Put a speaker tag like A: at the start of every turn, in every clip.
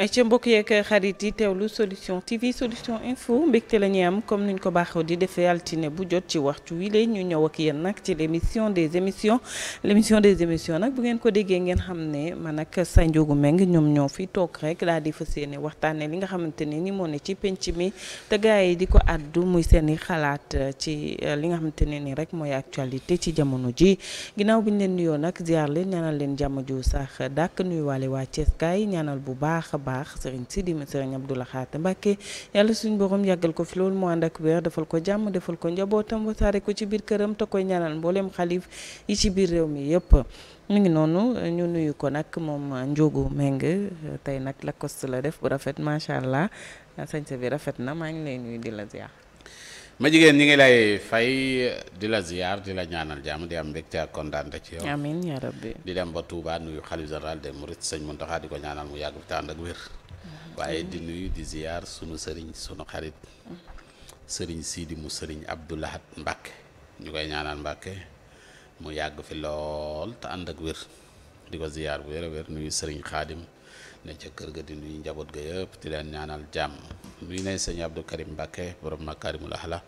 A: ay ca mbokk yeeg xarit yi lu solution TV solution info mbégte la ñuy am comme niñ ko baaxoo di defee altine bu jot ci waxtu wi lay ñu ñëw ak yéen nag ci l' émission des émissions l' émission des émissions nag bu ngeen ko déggee ngeen xam ne man ak Sa Ndiogou Meng ñoom ñoo fi toog rek daal di fas yéene waxtaanee li nga xamante ne ni moo ne ci penc mi te gars yi di ko àddu muy seen i xalaat ci euh, li nga xamante ne ni rek mooy actualité ci jamono ji ginnaaw bi ñu leen nuyoo nag ziar leen ñaanal leen jàmm ju sax dàkk nuyuwaale waa Thiès ñaanal bu baax baax sëriñ Sidi ma sëriñ Abdou Lahad Mbacké yàlla suñ borom yàggal ko fi loolu mu ànd ak weer defal ko jàmm defal ko njabootam wasaare ko ci biir këram te koy ñaanal mbooleem xalif yi ci biir réew mi yëpp mu ngi noonu ñu nuyu ko nag moom Ndiogu Meng tey nag Lacoste la def bu rafet macha allah sañse bi rafet na maa ngi lay nuyu di la ziar.
B: ma jigéen ñi ngi lay fay di la ziar di la ñaanal jàmm di am mbégte ak kontaan ci yow. di dem ba Touba nuyu xalif général des Mourides sëñ Mountakha di ko ñaanal mu yàgg fi te ànd ak wér. waaye di nuyu di ziar sunu sëriñ sunu xarit. sëriñ Sidi mu sëriñ Abdou Lahad ñu koy ñaanal Mbacke mu yàgg fi lool te ànd ak wér di ko ziar bu wér a wér nuyu sëriñ Xaadim. ne ca kër ga di nuyu njaboot ga yëpp di leen ñaanal jàmm nuyu nañ sëñ Abdou Karim Mbacke borom Makaarimul Axlaaq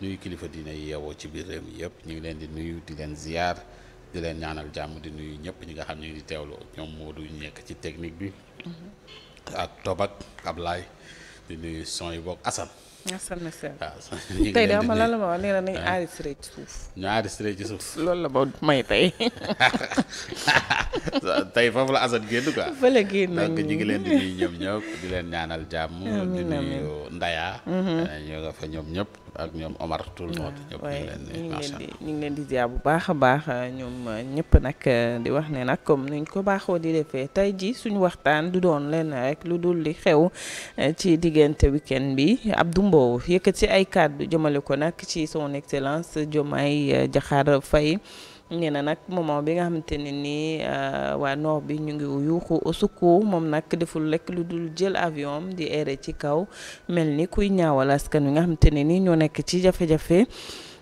B: nuyu kilifa diine yi yeewoo ci biir réew mi yëpp ñu ngi leen di nuyu di leen ziyaar di leen ñaanal jàmm di nuyu ñëpp ñi nga xam ñu ngi teewlu ñoom moo du nekk ci technique bi. Mm-hmm. ak Tobak Ablaye di nuyu son yi boog Assane.
A: asal na seen ah, tey de la ma wax nee na nañu ah.
B: loolu la ma may tey. tey foofu la Assane génn quoi.
A: fële ñu ngi leen di
B: nuyu ñoom di leen ñaanal jàmm. di nuyu Ndaya. Mhm. Eh, ñu nga fa ñoom ñëpp. ak ñoom Omar tout le monde ñëpp ñu
A: ngi leen di ñu bu baax a baax euh, ñoom euh, ñëpp nag euh, di wax ne nag comme nuñ ko baaxoo di defee tey ji suñu waxtaan du doon lenn rek lu dul di xew ci diggante weekend bi ab dumbo yëkkat ci ay kàddu jëmale ko nag ci son excellence Diomaye Diakhar Faye nee na nag moment bi nga xamante ne nii euh, waa nord bi ñu ngi yuuxu au moom nag deful lekk lu dul jël avion di aéré ci kaw mel ni kuy ñaawal askan bi nga xamante ne nii ñoo nekk ci jafe-jafe.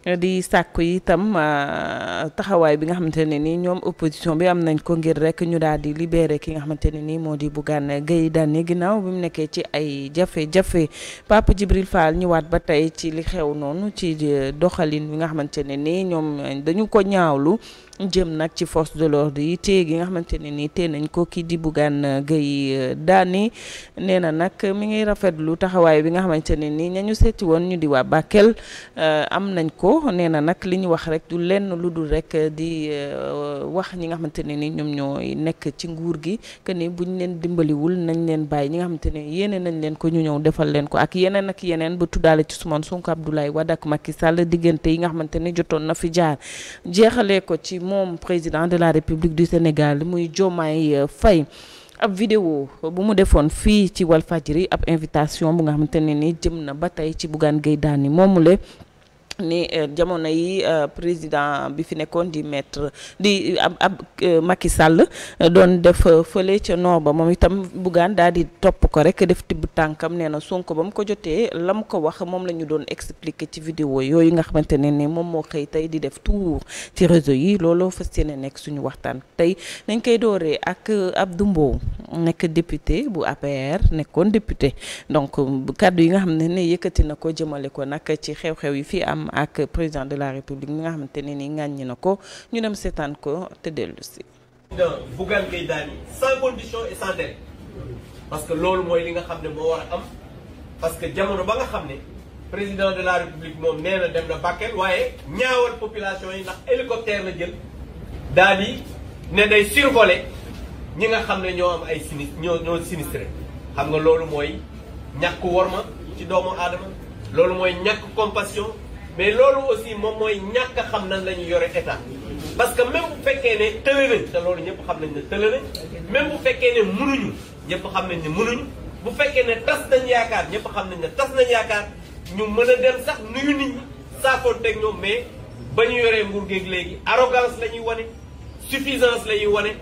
A: di sàkku itam euh, taxawaay bi nga xamante ne nii ñoom opposition bi am nañ ko ngir rek ñu daal di libéré ki nga xamante ne nii moo di Bougane Gueye Dany ginnaaw bi mu nekkee ci ay jafe-jafe Pape Djibril Fall ñëwaat ba tey ci li xew noonu ci euh, doxalin bi nga xamante ne nii ñoom euh, dañu ko ñaawlu. jëm nag ci force de l'ordre yi téye gi nga xamante ne nii tee nañ ko kii di Bougane Gueye Dany nee na nag mi ngi rafetlu taxawaay bi nga xamante ne nii ñañu seeti woon ñu di waa Bakel euh, am nañ ko nee na nag li ñu wax rek du lenn lu dul rek di euh, wax ñi nga xamante ne nii ñoom ñooy nekk ci nguur gi que ni buñ leen dimbaliwul nañ leen bàyyi ñi nga xamante ne yéene nañ leen ko ñu ñëw defal leen ko ak yeneen ak yeneen ba tuddaale ci Ousmane Sonko Abdoulaye Wade ak Macky Sall diggante yi nga xamante ne jotoon na fi jaar jeexalee ko ci moom président de la république du Sénégal muy Diomaye euh, fay ab vidéo bu mu defoon fii ci Walfadjri ab invitation bu nga xamante ne ni jëm na ba tey ci daani moom mu moomule ni euh, jamono yi euh, président bi fi nekkoon di maître di ab ab euh, Macky Sall doon def fële ca noo ba moom itam buggaan daal di topp ko rek def tibb tànkam nee na Sonko ba mu ko jotee la mu ko wax moom la ñu doon expliquer ci vidéo yooyu nga xamante ne ni moom moo xëy tey di def tour ci réseau yi looloo fas yéene nekk suñu waxtaan tey dañ koy dooree ak ab Mbow nekk député bu APR nekkoon député donc kàddu yi nga xam ne ne yëkkati na ko jëmale ko nag ci xew-xew yi fii am. ak président de la république mi nga xamante ne ni ŋàññi na ko ñu dem seetaan ko te dellu si.
C: président Bougane Gueye Dany sans condition et sans délai parce que loolu mooy li nga xam ne moo war am parce que jamono ba nga xam ne président de la république moom nee na dem na Bakel waaye ñaawal population yi ndax hélicoptère la jël daal di ne day survolé ñi nga xam ne ñoo am ay sinis ñoo ñoo sinistré xam nga loolu mooy ñàkk worma ci doomu aadama loolu mooy ñàkk compassion mais loolu aussi moom mooy ñàkk xam nañ la ñu yore état parce que même bu fekkee ne tële nañ te loolu ñëpp xam nañ ne tële nañ même bu fekkee ne mënuñu ñëpp xam nañ ne mënuñu bu fekkee ne tas nañ yaakaar ñëpp xam nañ ne tas nañ yaakaar ñu mën a dem sax nuyu nit ñi saakoon teg ñoom mais ba ñu yoree nguur géeg léegi arrogance la ñuy wane suffisance la ñuy wane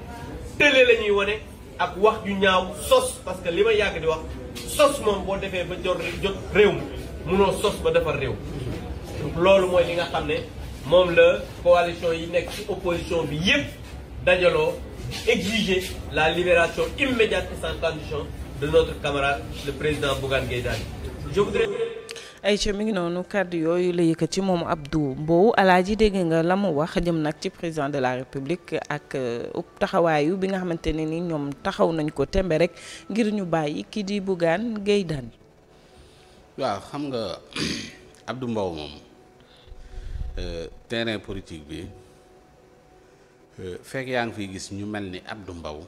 C: tële la ñuy wane ak wax yu ñaaw sos parce que li ma yàgg di wax sos moom boo defee ba jot jot réew mi munoo sos ba defar réew loolu mooy li nga xam ne moom la coalition yi nekk ci opposition bi yëpp dajaloo exiger la libération immédiate et sans condition de notre camarade le président Bougane Gueye Dany je voudrais
A: Aïcha mi ngi noonu kàddu yooyu la yëkkati moom Abdou Mbow alaaji dégg nga la mu wax jëm nag ci président de la république ak euh, taxawaayu bi nga xamante ne ni ñoom taxaw nañ ko tembe rek ngir ñu bàyyi kii di Bougane Gueye Dany
B: waaw xam nga Abdou Mbow moom Euh, terrain politique bi euh, fekk yaa ngi fiy gis ñu mel ni Abdou Mbow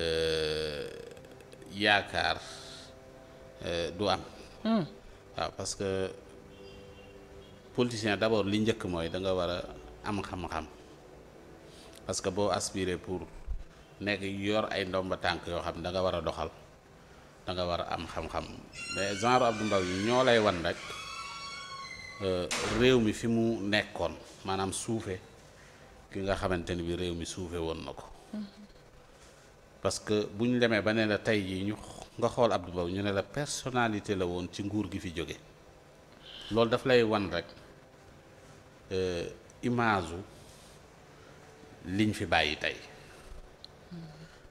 B: euh, yaakaar du am hmm. waaw parce que politicien d'abord li njëkk mooy da nga war a am xam-xam parce que boo aspirer pour nekk yor ay ndomb tànk yoo xam ne da nga war a doxal da nga war a am xam-xam mais genre Abdou yi ñoo lay wan rek Euh, réew mi fi mu nekkoon maanaam suufe ki nga xamante ni bi réew mi suufe woon na ko parce que bu ñu demee ba ne la tey jii ñu nga xool Abdou Mbow ñu ne la personnalité la woon ci nguur gi fi jóge loolu daf lay wan rek euh, image liñ fi bàyyi tey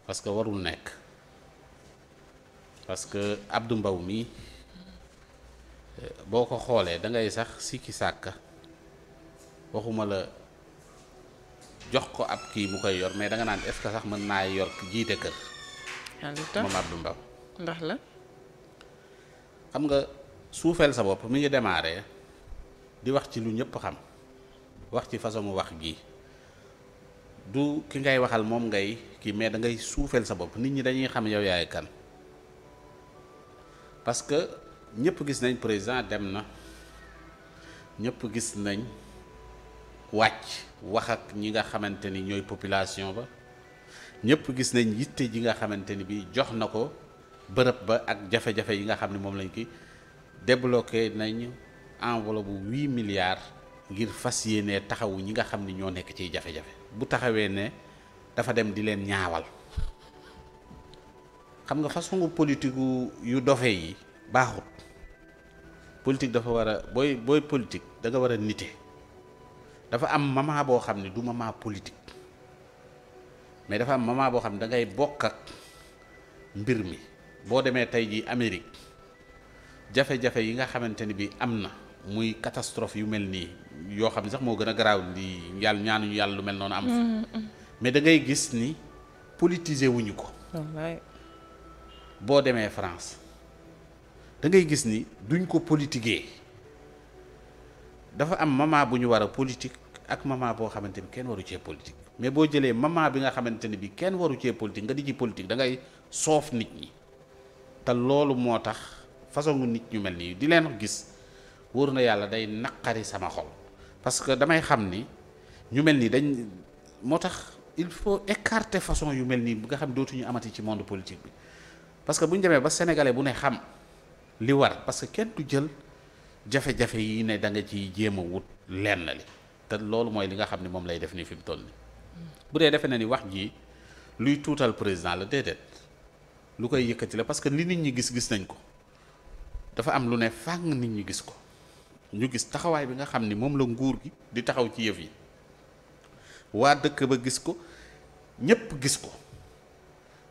B: parce que warul nekk parce que Abdou Mbow mii boo ko xoolee da ngay sax sikki sàkka waxuma la jox ko ab kii mu koy yor mais danga naan est-ce sax mën naa yor jiite kër.
A: Ah, moom Abdou Mbaw ndax la.
B: xam nga suufeel sa bopp mi ngi démarré di wax ci lu ñëpp xam wax ci façon mu wax gi du ki ngay waxal moom ngay kii mais da ngay suufeel sa bopp nit ñi dañuy xam yow yaay kan parce ñëpp gis nañ président dem na ñëpp gis nañ wàcc wax ak ñi nga xamante ni ñooy population ba ñëpp gis nañ yitte ji nga xamante ni bi jox na ko bërëb ba ak jafe-jafe yi nga xam ne moom lañ ki débloqué nañ enveloppe bu huit milliards ngir fas yéenee taxawu ñi nga xam ni ñoo nekk ciy jafe-jafe bu taxawee ne dafa dem di leen ñaawal xam nga façon politique yu dofe yi baaxut politique dafa war a booy booy politique danga nga war a nite dafa am moment boo xam ne du moment politique mais dafa am moment boo xam ne da ngay bokk ak mbir mi boo demee tey jii Amérique jafe-jafe yi nga xamante ni bi am na muy catastrophe yu mel nii yoo xam ne sax moo gën a garaaw li yàlla ñaanuñu yàlla lu mel noonu am fa mm-hmm, mm-hmm. mais dangay gis ni politiser wuñu ko boo demee France da ngay gis ni duñ ko politiquer dafa am moment bu ñu war a politique ak moment boo xamante ni kenn waru cee politique mais boo jëlee moment bi nga xamante ni kenn waru cee politique nga di ci politique da ngay soof nit ñi te loolu moo tax façon nit ñu mel nii di leen gis wër na yàlla day naqari sama xol parce que damay xam ni ñu mel nii dañ moo tax il faut écarter façon yu mel nii bi nga xam dootuñu amati ci monde politique bi parce bu ñu ba sénégalais bu ne xam. li war parce que kenn du jël jafe-jafe yi ne da nga ciy jéem a wut lenn li te loolu mooy li nga xam ne moom lay def nii fi mu toll nii bu dee defe na ni wax ji luy tuutal président la déedéet lu koy yëkkati la parce que li nit ñi gis gis nañ ko dafa am lu ne fàng nit ñi gis ko ñu gis taxawaay bi nga xam ni moom la nguur gi di taxaw ci yëf yi waa dëkk ba gis ko ñépp gis ko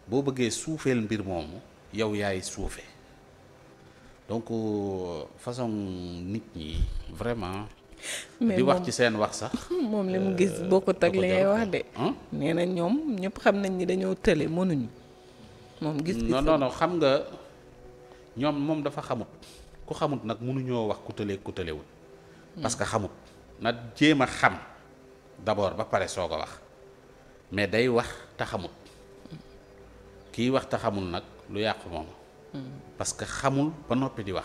B: boo bëggee suufeel mbir moomu yow yaay suufee donc euh, façon nit ñi vraiment. di wax ci seen wax sax.
A: moom li mu euh, gis bokkut ak li ngay wax de. nee na ñoom ñëpp xam nañ ni dañoo tële mënuñu.
B: moom gis gis non non xam nga ñoom moom dafa xamut ku xamut nag mënuñoo wax ku tëlee ku tëlewul. Hmm. parce que xamut nag jéem a xam d'abord ba pare soog a wax mais day wax te xamut hmm. kii wax te xamul nag lu yàq moom. parce que xamul ba noppi di wax.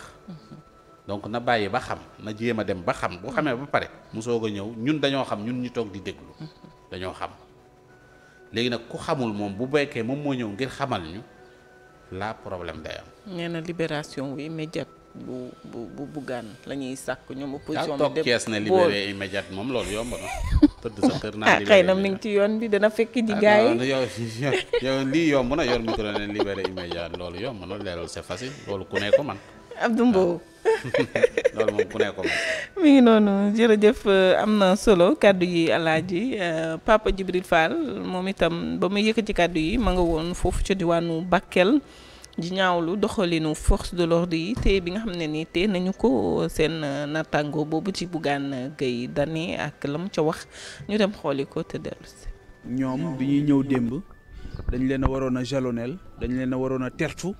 B: donc na bàyyi ba xam na jéem a dem ba xam bu xamee ba pare mu soog a ñëw ñun dañoo xam ñun ñu toog di déglu. dañoo xam léegi nag ku xamul moom bu bekkee moom moo ñëw ngir xamal ñu la problème day am.
A: nee wu immédiate bu bu bu buggaan la ñuy sàkk ñoom opposition bi na libéré immédiat moom loolu yomb na tëdd sa kër naa ah, libéré xëy na mi ci yoon bi dana fekk ji ah, gars yi yow
B: yow yomb na yor micro ne libéré immédiat loolu yomb na leeral c'est facile loolu ku ne ko man Abdou Mbow ah.
D: loolu moom ku ko man
A: mi ngi noonu jërëjëf euh, am na solo kàddu yi alaaji euh, Papa Djibril Fall moom itam ba muy yëkkati ci kàddu yi ma nga woon foofu ca diwaanu Bakel di ñaawlu doxalinu force de l'ordre yi te bi nga xam ne nii te nañu ko seen euh, nattango boobu ci Bougane Gueye Dany ak lam ca wax ñu dem xooli
E: ko te dellusi ñoom bi ñuy ñëw démb dañ leen waroon a jalonel dañ leen a waroon a tertu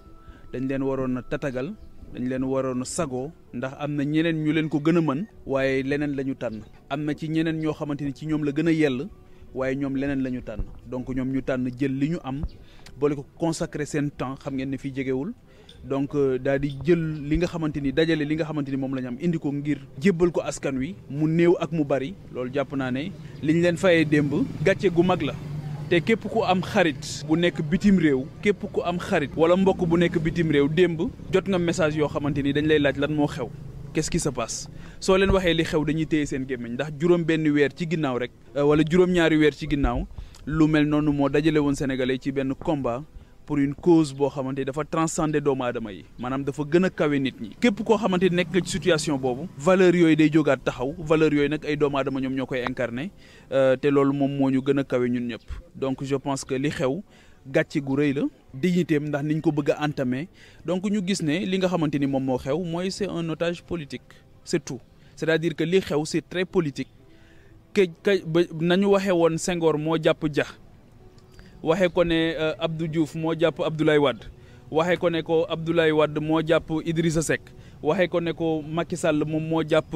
E: dañ leen waroon a tatagal dañ leen waroon a sagoo ndax am na ñeneen ñu leen ko gën a mën waaye leneen la ñu tànn am na ci ñeneen ñoo xamante ni ci ñoom la gën a yell waaye ñoom leneen la tànn donc ñoom ñu tànn jël li ñu am boole ko consacrer seen temps xam ngeen ne fi jegewul donc euh, daal di jël li nga xamante ni dajale li nga xamante ni moom la am indi ko ngir jébbal ko askan wi mu néew ak mu bari loolu jàpp naa ne li ñu leen fayee démb gàcce gu mag la. te képp ku am xarit bu nekk bitim réew képp ku am xarit wala mbokk bu nekk bitim réew démb jot nga message yoo xamante ni dañ lay laaj lan moo xew qu'est-ce qui se soo leen waxee li xew dañuy téye seen gémmiñ ndax juróom benn weer ci ginnaaw rek euh, wala juróom weer ci ginnaaw lu mel noonu moo dajale woon sénégalais ci benn combat pour une cause boo xamante ni dafa transcender doomu aadama yi maanaam dafa gën a kawe nit ñi képp koo xamante ni nekk ci situation boobu valeur yooyu day jógaat taxaw valeur yooyu nag ay doomu aadama ñoom ñoo koy incarné euh, te loolu moom moo ñu gën a kawe ñun ñëpp donc je pense que li xew gàcce gu rëy la dignité am ndax ñu ko bëgg a entamer donc ñu gis ne li nga xamante ni moom moo xew mooy c'est un otage politique c'est tout c'est-à-dire xew c'est très politique ke ba nañu waxe woon Senghor moo jàpp jax waxe ko ne euh, Abdou Diouf moo jàpp Abdoulaye Wade waxe ko ne ko Abdoulaye Wade moo jàpp Idrissa Seck waxe ko ne ko Macky Sall moom moo jàpp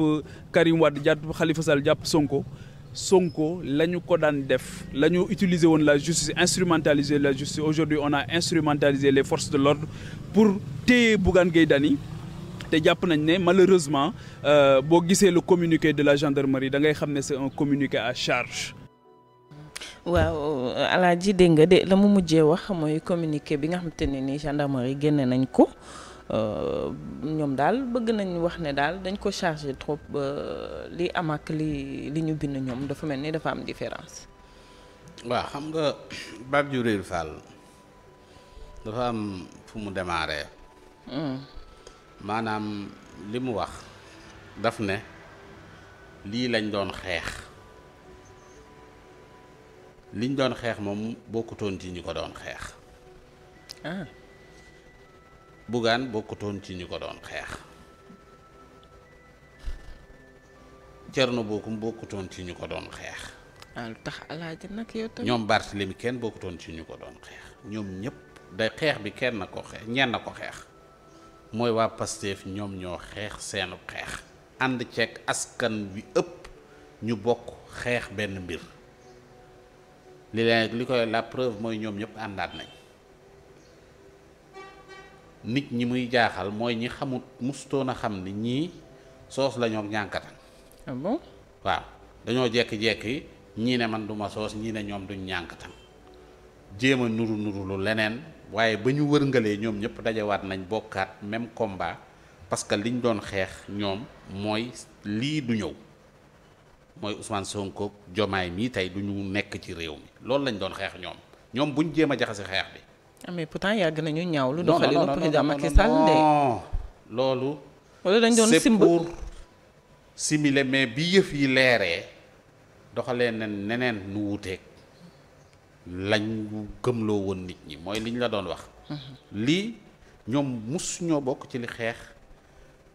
E: Karim Wade jàpp xalifa Sall jàpp Sonko Sonko la ñu ko daan def la ñu utiliser woon la justice instrumentaliser la justice aujourd'hui on a instrumentalisé les forces de l'ordre pour téye Bougane Gueye Dany te jàpp nañ ne malheureusement euh, boo gisee lu communiqué de la gendarmerie da ngay xam ne c'est un communiqué à charge.
A: waaw Alaaji dégg nga de la mu mujjee wax mooy communiqué bi nga xamante ne ni gendarmerie génne nañ ko euh, ñoom daal bëgg nañ wax ne daal dañ ko chargé trop ba euh, li am ak li li ñu bind ñoom dafa mel ni dafa am différence.
B: waaw xam nga Babou Diouré Fall dafa am fu mu démarré. Hmm. maanaam li mu wax daf ne lii lañ doon xeex liñ doon xeex moom bokkutoon ci ñu ko doon xeex ah Bougane bokkutoon ci ñi ko doon xeex Thierno Bocoum bokkutoon ci ñu ko doon xeex
A: ah lu tax alaaji nag yow tamit
B: ñoom kenn bokkutoon ci ñu ko doon xeex ñoom ñëpp day xeex bi kenn ko xeex ñenn na ko xeex mooy waa Pastef ñoom ñoo xeex seenu xeex ànd ceeg askan bi ëpp ñu bokk xeex benn mbir li leen li koy la preuve mooy ñoom ñëpp àndaat nañ nit ñi muy jaaxal mooy ñi xamut mustoon a xam ni ñii soos la ñoo ñànkatan ah waaw dañoo jekki-jekki ñii ne man duma soos ñii ne ñoom duñ ñànkatan jéem nuru nuru lu leneen waaye ba ñu wërngëlee ñoom ñëpp dajawaat nañ bokkaat même combat parce que liñ doon xeex ñoom mooy lii du ñëw mooy Ousmane Sonko jomaay mii tey du ñu nekk ci réew mi loolu lañ doon xeex ñoom ñoom buñ jéem a jaxase xeex bi.
A: ah mais yàgg nañu ñaaw lu doxalinu président Macky Sall de
B: loolu. wala dañ doon simb c'est mais bi yëf yi leeree doxalee nen neneen nu wuuteeg. lañ gëmloo woon nit ñi mooy liñ la doon wax lii ñoom mus ñoo bokk ci li xeex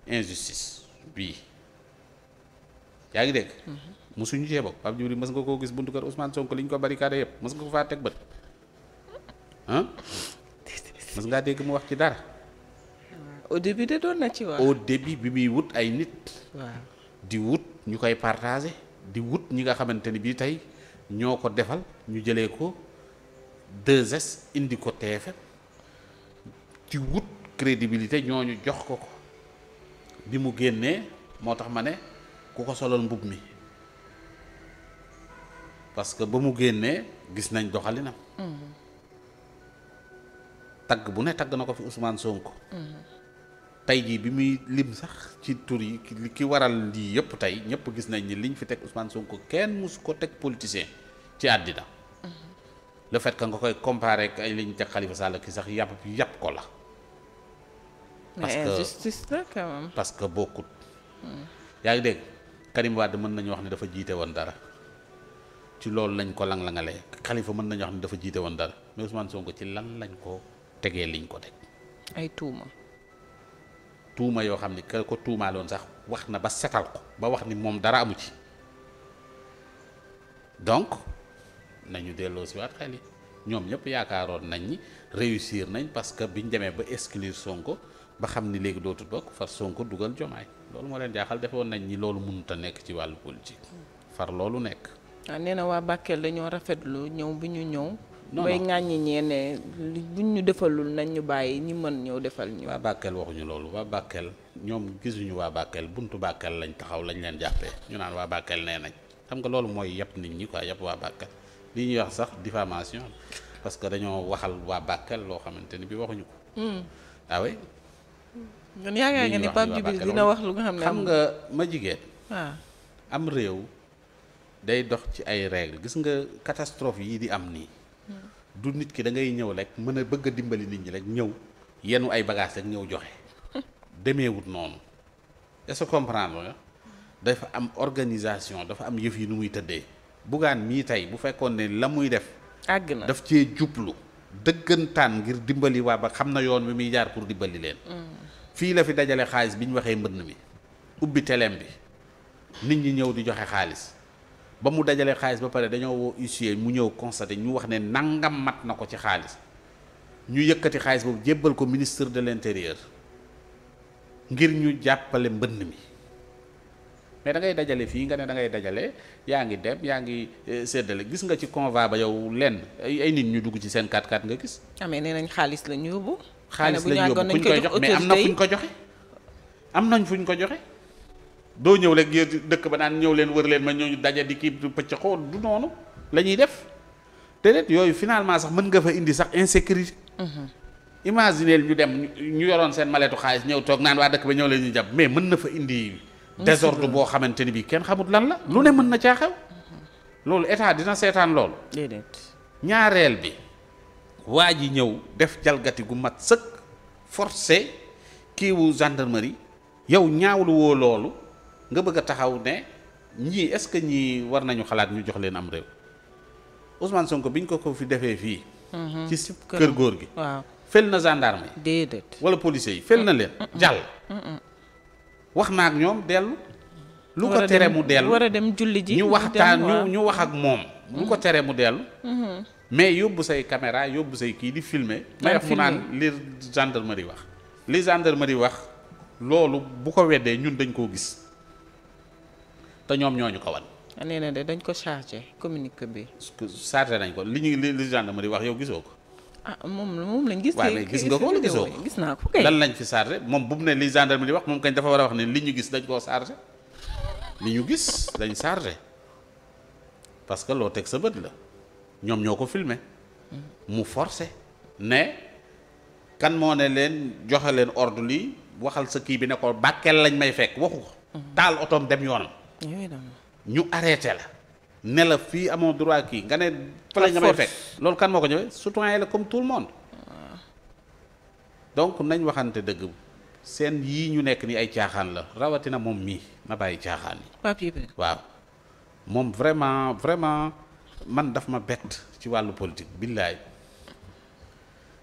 B: injustice bii yaa ngi dégg musuñu cee bokk Pape Djibril mës nga koo gis buntu kër Ousmane Sonko li ñu ko barricade yëpp mës nga ko faa teg bët ah ngaa dégg mu wax ci dara au début de doon na ci wax au début bi muy wut ay nit waaw di wut ñu koy partager di wut ñi nga xamante ni bii tey ñoo ko defal ñu jëlee ko 2S indi ko TFM ci wut crédibilité ñoo ñu jox ko ko bi mu génnee moo tax ma ne ku ko solal mbubb mi parce que ba mu génnee gis nañ doxalinam. Mm-hmm. tagg bu ne tagg na ko fi Ousmane Sonko. Mm-hmm. tey jii bi muy lim sax ci tur yi ki waral lii yëpp tey ñëpp gis nañ ni liñ fi teg Ousmane Sonko kenn mosu ko teg politicien ci àddina mm-hmm. le fait nga koy comparer ak ay liñ teg ki sax yàpp yàpp ko la.
A: parce que injustice mm.
B: yaa ngi dégg Karim Wade mën nañu wax ne dafa jiite woon dara ci loolu lañ ko lang-langalee Khalifa mën nañu wax ne dafa jiite woon dara mais Ousmane Sonko ci lan lañ ko tegee liñ ko teg. ay tuuma. tuuma yoo xam ni ka ko tuumaaloon sax wax na ba setal ko ba wax ni moom dara amu ci donc nañu delloo si waat xel yi ñoom ñëpp yaakaaroon nañ ni réussir nañ parce que biñ demee ba exclure Sonko ba xam ni léegi dootul bokk far Sonko dugal jomaay loolu moo leen jaaxal defoon nañ ni loolu mënut a nekk ci wàllu politique far loolu nekk.
A: waaw ah, nee na waa Bakel dañoo rafetlu ñëw bi ñu ñëw. bay ŋàññi ñee ne buñ ñu defalul nañ ñu bàyyi ñi mën ñëw defal ñu
B: waa Bakel waxuñu loolu waa Bakel ñoom gisuñu waa Bakel buntu Bakel lañ taxaw lañ leen jàppee ñu naan waa Bakel nee nañ xam nga loolu mooy yàpp nit ñi quoi yàpp waa Bakel ñuy wax sax diffamation parce que dañoo waxal waa Bakel loo xamante ni bi waxuñu ko hmm. ah oui
A: ñun yaakaar nga ni Pape dina wax lu nga xam ne xam nga
B: ma jigéen waaw ah. am réew day dox ci ay règles gis nga catastrophe yi di am nii du nit ki da ngay ñëw rek mën a bëgg a dimbali nit ñi rek ñëw yenu ay bagages rek ñëw joxe demeewut noonu est-ce que comprendre nga dafa am organisation dafa am yëf yi nu muy tëddee bugaan mii tey bu fekkoon ne la muy def. àgg na daf cee jublu dëggantaan ngir dimbali waa ba xam na yoon wi muy jaar pour dimbali leen. Mm. fii la fi dajale xaalis bi waxee mbënn mi ubbi teleem bi nit ñi ñëw di joxe xaalis. ba mu dajalee xaalis ba pare dañoo woo mu ñëw constaté ñu wax ne nangam mat na ko ci xaalis ñu yëkkati xaalis boobu jébbal ko ministre de l'intérieur ngir ñu jàppale mbënn mi mais dangay dajale fii nga ne da ngay dajale yaa ngi dem yaa ngi eh, séddale gis nga ci convoi ba yow lenn ay nit ñu dugg ci seen 4x4 nga gis.
A: amee ah, ne nañ xaalis la ñu yóbbu. xaalis la ñu yóbbu kuñ mais am na fuñ ko joxe
B: am nañ fuñ ko joxe. doo ñëw rek dëkk ba naan ñëw leen wër leen ma ñooñu daje di kii pëcc xoo du noonu la ñuy def déedéet yooyu finalement sax mën nga fa indi sax insécurité. Mm-hmm. imaginez ñu dem ñu yoroon seen maletu xaalis ñëw toog naan waa dëkk ba ñëw leen ñu jàpp mais mën na fa indi. désordre boo xamante ni bii kenn xamut lan la. lu ne mën na caa mm-hmm. loolu état dina seetaan loolu. déedéet ñaareel bi. waa ji ñëw def jalgati gu mat sëkk forcé kiiwu gendarmerie yow ñaawlu woo loolu. nga bëgg a taxaw ne ñii est-ce que ñii war nañu xalaat ñu jox leen am réew Ousmane Sonko biñ ko ko fi defee fii. Mhm. ci kër góor gi. waaw na gendarme yi. déedéet wala policiers yi fel na leen. jàll. wax na ak ñoom dellu. lu ko tere mu dellu war a dem julli ji. ñu waxtaan ñu ñu wax ak moom.
A: lu
D: ko
B: mm-hmm. tere mu dellu. Mm-hmm. mais yóbbu say caméra yóbbu say kii di filmer may mu naan li gendarmerie wax. li gendarmerie wax loolu bu ko weddee ñun dañ koo gis. te ñoom ñoo ñu wan.
A: nee na de dañ ko chargé communiqué bi.
B: chargé nañ ko li ñuy li li gendarmerie wax yow gisoo ko.
A: ah moom moom lañ gis. waaye gis nga ko wala gisoo ko gis naa ko lan
B: lañ fi chargé moom bu mu ne li gendarmerie wax moom kañ dafa war a wax ne li ñu gis dañ koo chargé li ñu gis dañ chargé parce que loo teg sa bët la ñoom ñoo ko filmé mu forcé ne kan moo ne leen joxe leen ordre lii waxal sa kii bi ne ko bàkkeel lañ may fekk waxu ko. Mm-hmm. taal otoom dem yoonam. ñu arrêté la ne la fii amoon droit kii nga ne fële nga may fekk loolu kan moo ko ñëwee citoyen la comme tout le monde donc nañ waxante dëgg seen yii ñu nekk ni ay caaxaan la rawatina moom mii na bàyyi caaxaan yi waaw moom vraiment vraiment man daf ma bett ci wàllu politique billaay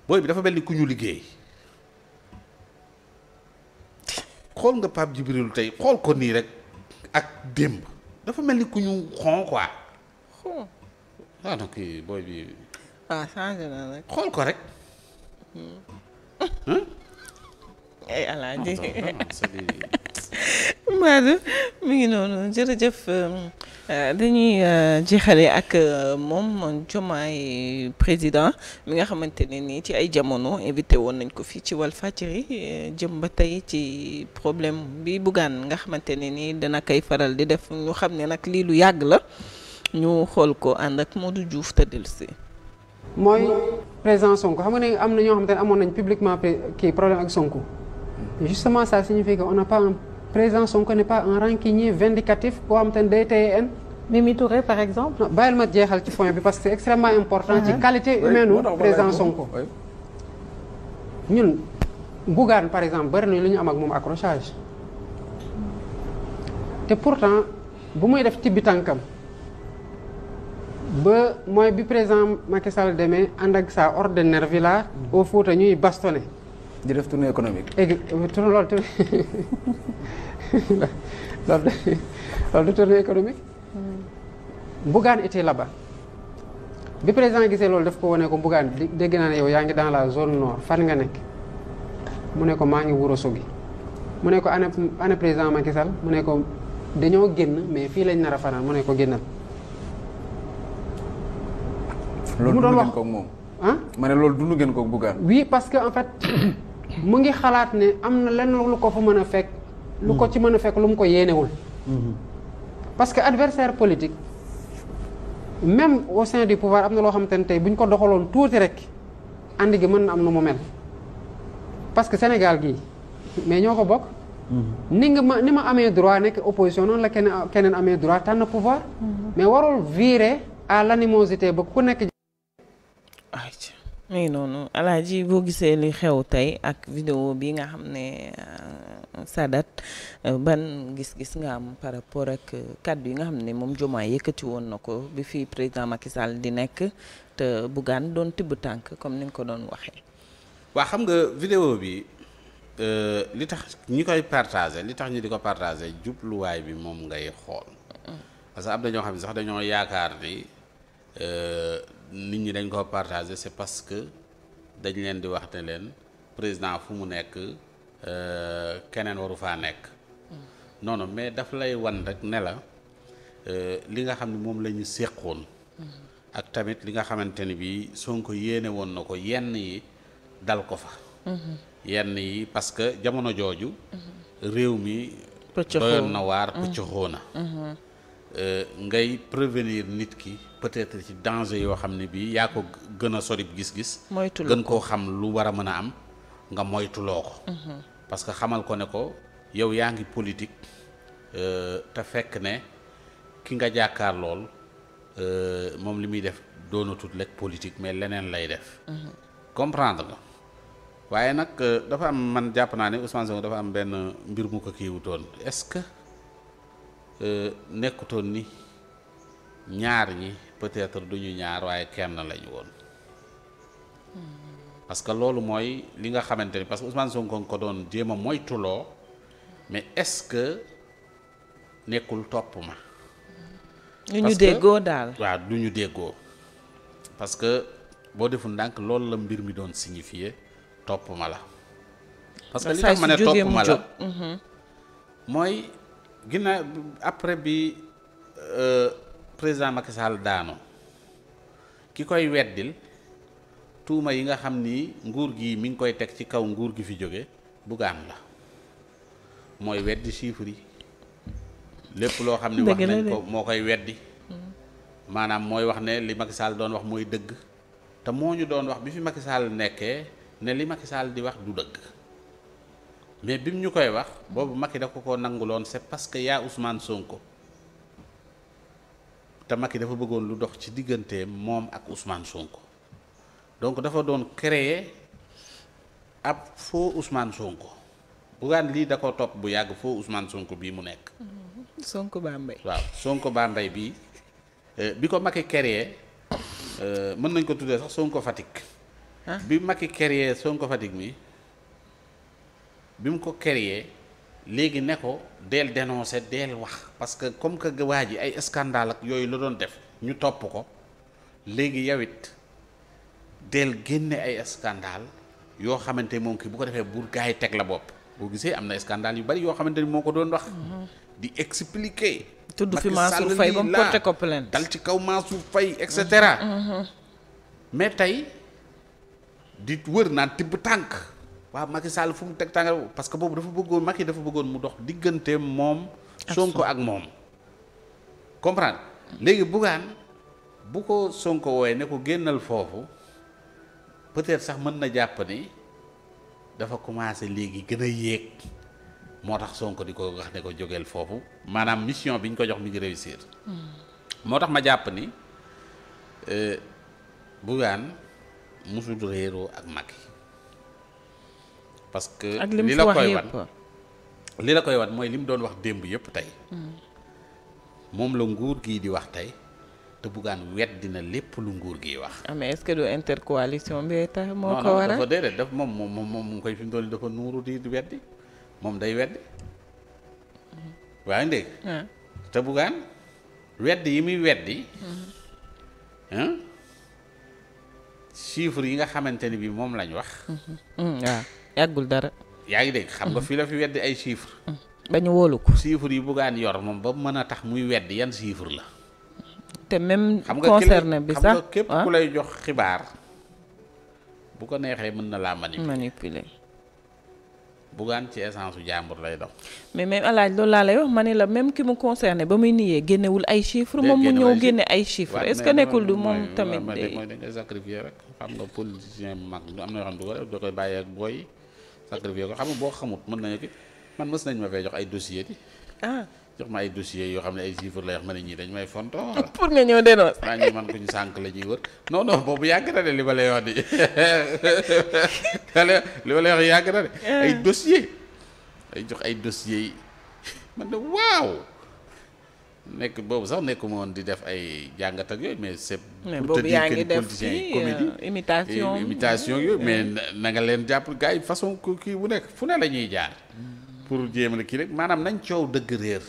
B: booy bi dafa mel ni ku ñu liggéey xool nga Pape Djibril tey xool ko nii rek ak démb dafa mel ni ku ñu xon quoi. xon ah donc eh, booy bi.
A: waaw ah, changé na rek. xool ko rek. ay hmm. hmm? eh, alaaji ah, Madou ngi noonu jërëjëf. Euh, Euh, dañuy euh, jeexale ak euh, moom Diomaye président mi nga xamante ne nii ci ay jamono invité woon nañ ko fii ci wall Walfadjri jëm ba tey ci problème bi Bougane nga xamante ne nii dana koy faral di def ñu xam ne nag lii lu yàgg la ñu xool ko ànd ak moo Modou juuf te dellusi
F: mooy président Sonko xam nga ne am na ñoo xam ne amoon nañ publiquement kii problème ak sonku justement ça signifie que on n'a pas président Sonko n'est pas un rancunier vindicatif koo xam te ne day téye Mimi Touré exemple. bàyyil ma jeexal ci point bi parce que c'est extrêmement important. ci qualité humaine président Sonko. ñun Bougane par exemple bari nañu lu ñu am ak moom accrochage. te pourtant bu muy def tibbi tànkam ba mooy bi président Macky Sall deme ànd ak sa ordre de nervi la a ñuy bastonné. di def tournée économique. léegi loolu eh, tournée loolu du er tournée économique.
D: Mm.
F: Bougane était là bi président gisee loolu daf ko wone ko Bougane dégg naa ne yow yaa ngi dans la zone nord fan nga nekk mu ne ko maa ngi Wuro Sogi mu ne ko ana président Macky Sall mu ne ko dañoo génn mais fii lañ nar a fanaan mu ne ko génnal.
E: loolu dund ngeen ko moom mu doon wax ne loolu dund ngeen ko Bougane.
F: oui parce que en fait. mu ngi xalaat ne am na lenn lu ko fa mën a fekk. lu ko ci mën a fekk lu mu ko yéenewul. parce que adversaire politique même au sein du pouvoir am na loo xamante ne tey bu ñu ko doxaloon tuuti rek ànd gi mën na am nu mu mel parce que Sénégal gii mais ñoo ko bokk. ni nga ma ni ma amee droit nekk opposition la keneen amee droit tànn pouvoir. Mm-hmm. mais warul virer à l'animosité ba ku nekk.
A: mais noonu yi boo gisee li xew tey ak vidéo bi nga xam ne Sadat euh, euh, ban gis-gis nga am par rapport ak euh, kàddu yi nga xam ne moom Diomaye yëkkati woon na ko bi fii président Macky Sall di nekk te Bougane doon tibb tànk comme ni nga ko doon waxee. waa xam
B: nga vidéo bi li tax ñi koy partagé li tax ñu di ko partagé jubluwaay bi moom ngay xool parce que am na xam sax dañoo yaakaar ni. nit ñi dañ koo partagé c'est parce que dañ leen di waxte leen président fu mu nekk euh, keneen waru faa nekk mm. noonu mais daf lay wan rek ne la euh, li nga xam ne moom lañu ñu séqoon mm. ak tamit li nga xamante ni bii Sonko yéene woon na ko yenn yi dal ko fa mm-hmm. yenn yi parce que jamono jooju mm-hmm. réew mi doyoon na waar mm. pëccaxoo na mm-hmm. Euh, ngay prévenir nit ki peut-être ci danger yoo xam ne bii yaa ko gën a solib gis-gis. moytu gën koo xam lu war a mën a am nga moytuloo ko. Mhm. parce que xamal ko ne ko yow yaa ngi politique euh, te fekk ne ki nga jàkkaar lool euh, moom li muy def doonatut lekk politique mais leneen lay def. Mhm. comprendre nga waaye nag dafa am man jàpp naa ne Ousmane Sonko dafa am benn mbir mu ko kiiwutoon est Euh, nekkutoon ni ñaar ñi peut-être du ñu ñaar waaye kenn lañu woon hmm. parce que loolu mooy li nga xamante ni parce que Ousmane ko doon jéem a moytuloo mais est-ce que nekkul topp ma.
D: du ñu déggoo daal
B: waaw du déggoo parce que boo deful ndànk loolu la mbir mi doon signifier topp ma la. parce li tax ma ne topp ma la mhm. mooy. ginnaaw après bi euh, président Macky Sall daanu ki koy weddil tuuma yi nga xam ni nguur gi mi ngi koy teg ci kaw nguur gi fi jóge Bougane la mooy weddi chiffres yi lépp loo xam ne wax nañ moo koy weddi mm-hmm. maanaam mooy wax ne li Macky Sall doon wax mooy dëgg te moo ñu doon wax bi fi Macky Sall nekkee ne li Macky Sall di wax du dëgg mais bi mu ñu koy wax boobu Macky da ko ko nanguloon c'est parce que yaa Ousmane Sonko te Macky dafa bëggoon lu dox ci digganteem moom ak Ousmane Sonko donc dafa doon créer ab faux Ousmane Sonko bugaan lii da ko topp bu yàgg foo usmaan Sonko bii mu nekk.
A: Mhm. Sonko Bambey.
B: waaw Sonko Bambey bii euh, bi ko Macky créer euh, mën nañ ko tuddee sax Sonko Fatick. bi Macky créer Sonko Fatick mi bi mu ko créé léegi ne ko deel dénoncé deel wax parce que comme que waa ji ay skandaal ak yooyu la doon def ñu topp ko léegi yow it deel génne ay scandale yoo xamante moom kii bu ko defee buur gaa yi teg la bopp boo gisee am na scandale yu bari yoo xamante ni moo ko doon wax mm-hmm. di expliquer tudd fi Mansour Faye ba mu porté ko plainte dal ci kaw Mansour fay et cetera mm-hmm. Mm-hmm. tey di wër naan tibb tànk waaw Macky Sall fu mu teg tàngal parce que boobu dafa bëggoon Macky dafa bëggoon mu dox diggante moom. Sonko ak moom. comprendre léegi Bougane bu ko Sonko wooye ne ko génnal foofu peut-être sax mën na jàpp ni dafa commencé léegi gën a yéeg moo tax sonk di ko wax ne ko jógeel foofu maanaam mission bi ñu ko jox mi ngi réussir. Hmm. moo tax ma jàpp ni euh, Bougane musul réeroo ak Macky. parce que li la koy wan li la koy wan mooy li mu doon wax démb yépp tey hmm. moom la nguur gii di wax tey te Bougane weddi na
A: lépp lu nguur gi wax. ah mais est-ce que du intercoalition bi tax moo ko
B: moom moom moom dafa nuuru di weddi moom day weddi. waaye hmm. dégg ah. te Bougane yi muy weddi. Hmm. chiffres yi nga xamante ni bi moom lañ wax.
A: waaw. yàggul dara. yaa ngi dégg xam nga mm-hmm.
B: fii la fi weddi ay chiffres.
A: Mm-hmm. ba ñu wóolu ko. chiffres yi
B: buggaan yor moom ba mën a tax muy weddi yan chiffre la.
A: te même concerné bi sax xam képp ah. ku
B: lay jox xibaar. bu ko neexee mën na laa manipuler. bugaan ci essence su jàmbur lay dox.
A: mais même alaaj loolu laa ma ne la même ki mu ba muy niyee génnewul ay chiffres. moom mu ñëw génne ay chiffres ce que nekkul du moom tamit. day mooy
B: da sacrifier rek xam nga politicien mag am na yoo xam ne du ko def da koy bàyyi ak booy. sacrifié ko xam nga boo xamut mën nañu ki man mës nañ ma fee jox ay dossier di ah. jox ma ay dossier yoo xam ne ay chiffres la yoo xam ne ñii dañ may fonto
A: pour nga ñëw dénoncé
B: maa man kuñu sànq la ñuy wër non non boobu yàgg na de li ma lay wax di li ma wax yàgg na de ay ah. dossier ay jox ay dossiers yi man de waaw nekk boobu sax nekkuma woon di def ay jàngat ak yooyu mais c'est pour te dire que politiciens yi comédie euh, imitation eh, imitation yooyu mais na leen jàpp gars yi façon kii bu nekk fu ne la ñuy jaar pour jéem a kii rek maanaam nañ coow dëgg réer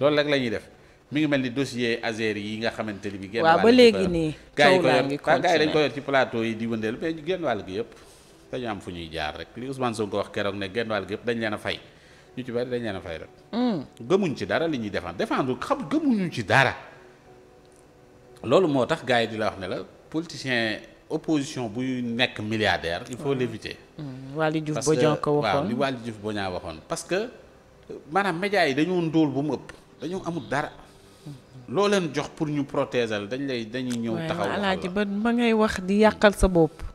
B: loolu rek la ñuy def mi ngi mel ni dossier Azer yi nga xamante ni bi genn waaw ba léegi nii
D: gars yi ko yor ah, gars yi dañ ko
B: yor ci plateau yi di wëndeel mais genn wàll gi yëpp dañu am fu ñuy jaar rek li Ousmane Sonko ko wax keroog ne genn wàll gi dañ leen a fay ñu ci bari dañ leen a fay rek. Hmm. gëmuñ ci dara li ñuy défendre défendre xam gëmuñu ci dara. loolu moo tax gars yi di la wax ne la politicien opposition buy nekk milliardaire il faut hmm. l'éviter. Hmm. Waly
A: Diouf Bodian ko waxoon waaw li Waly
B: Diouf waxoon parce que maanaam médias yi dañoo ndóol bu mu ëpp dañoo amul dara. loo leen jox pour ñu protéger dañ lay dañuy ñëw. taxaw alaaji
A: ba ma ngay wax di yàqal sa bopp.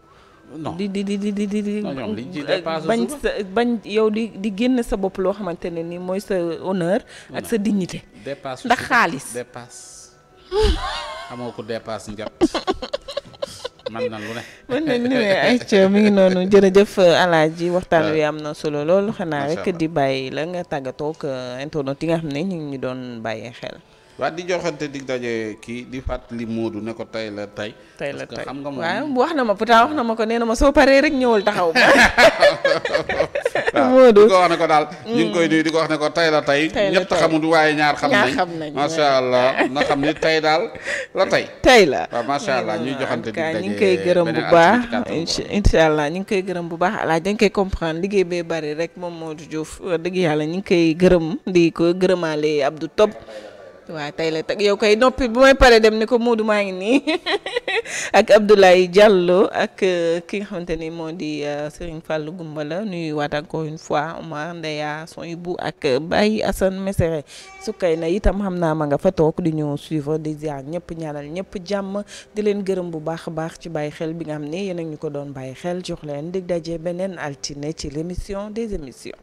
A: non di di di di di di euh, bañ sa bañ yow di di génn sa bopp loo xamante ne ni mooy sa honneur ak sa dignité ndax xaalis dépasse
B: xamoo ko dépasse njab man na lu ne
A: ngi noonu jërëjëf alaaji waxtaan wi am na solo loolu xanaa rek di bàyyi la nga tàggatoo ak euh, internet yi nga xam ne ñu ngi ñu doon bàyyee xel
B: waa di joxante dig daje kii di fàttali Moodu ne ko tey la tey. tey la tey nga moom
A: wax na ma pourtant wax na ma ko nee na ma soo paree rek ñëwal taxaw ma.
B: Moodu di ko daal. ñu ngi koy mm. nuyu di ko wax ne ko tey la tey. tey la ñett xamut
A: waaye ñaar xam nañ. ñaar nañ macha allah na xam ni tey daal la tey. tey la waaw macha allah ñuy joxante dig daje ñu ngi koy gërëm bu baax ñu ngi koy gërëm bu baax alaaj dañ koy comprendre liggéey bee bari rek moom Moodu Diouf dëgg yàlla ñu ngi koy gërëm di ko gërëmaale Abdou Top waaw tey la teg yow kay noppi bu may paree dem ni ko Moodu maa ngi nii ak Abdoulaye Diallo ak euh, ki nga xamante ni moo di euh, Serigne fàll Gumba la nuy waat encore une fois Omar Ndeya Soyibu ak euh, Baye su kay na itam xam naa ma nga fa toog di ñëw suivre di ziar ñëpp ñaanal ñëpp jàmm di leen gërëm bu baax a baax ci bàyyi xel bi nga xam ni yéen ñu ko doon bàyyi xel jox leen dig daje beneen altine ci l' émission des émissions.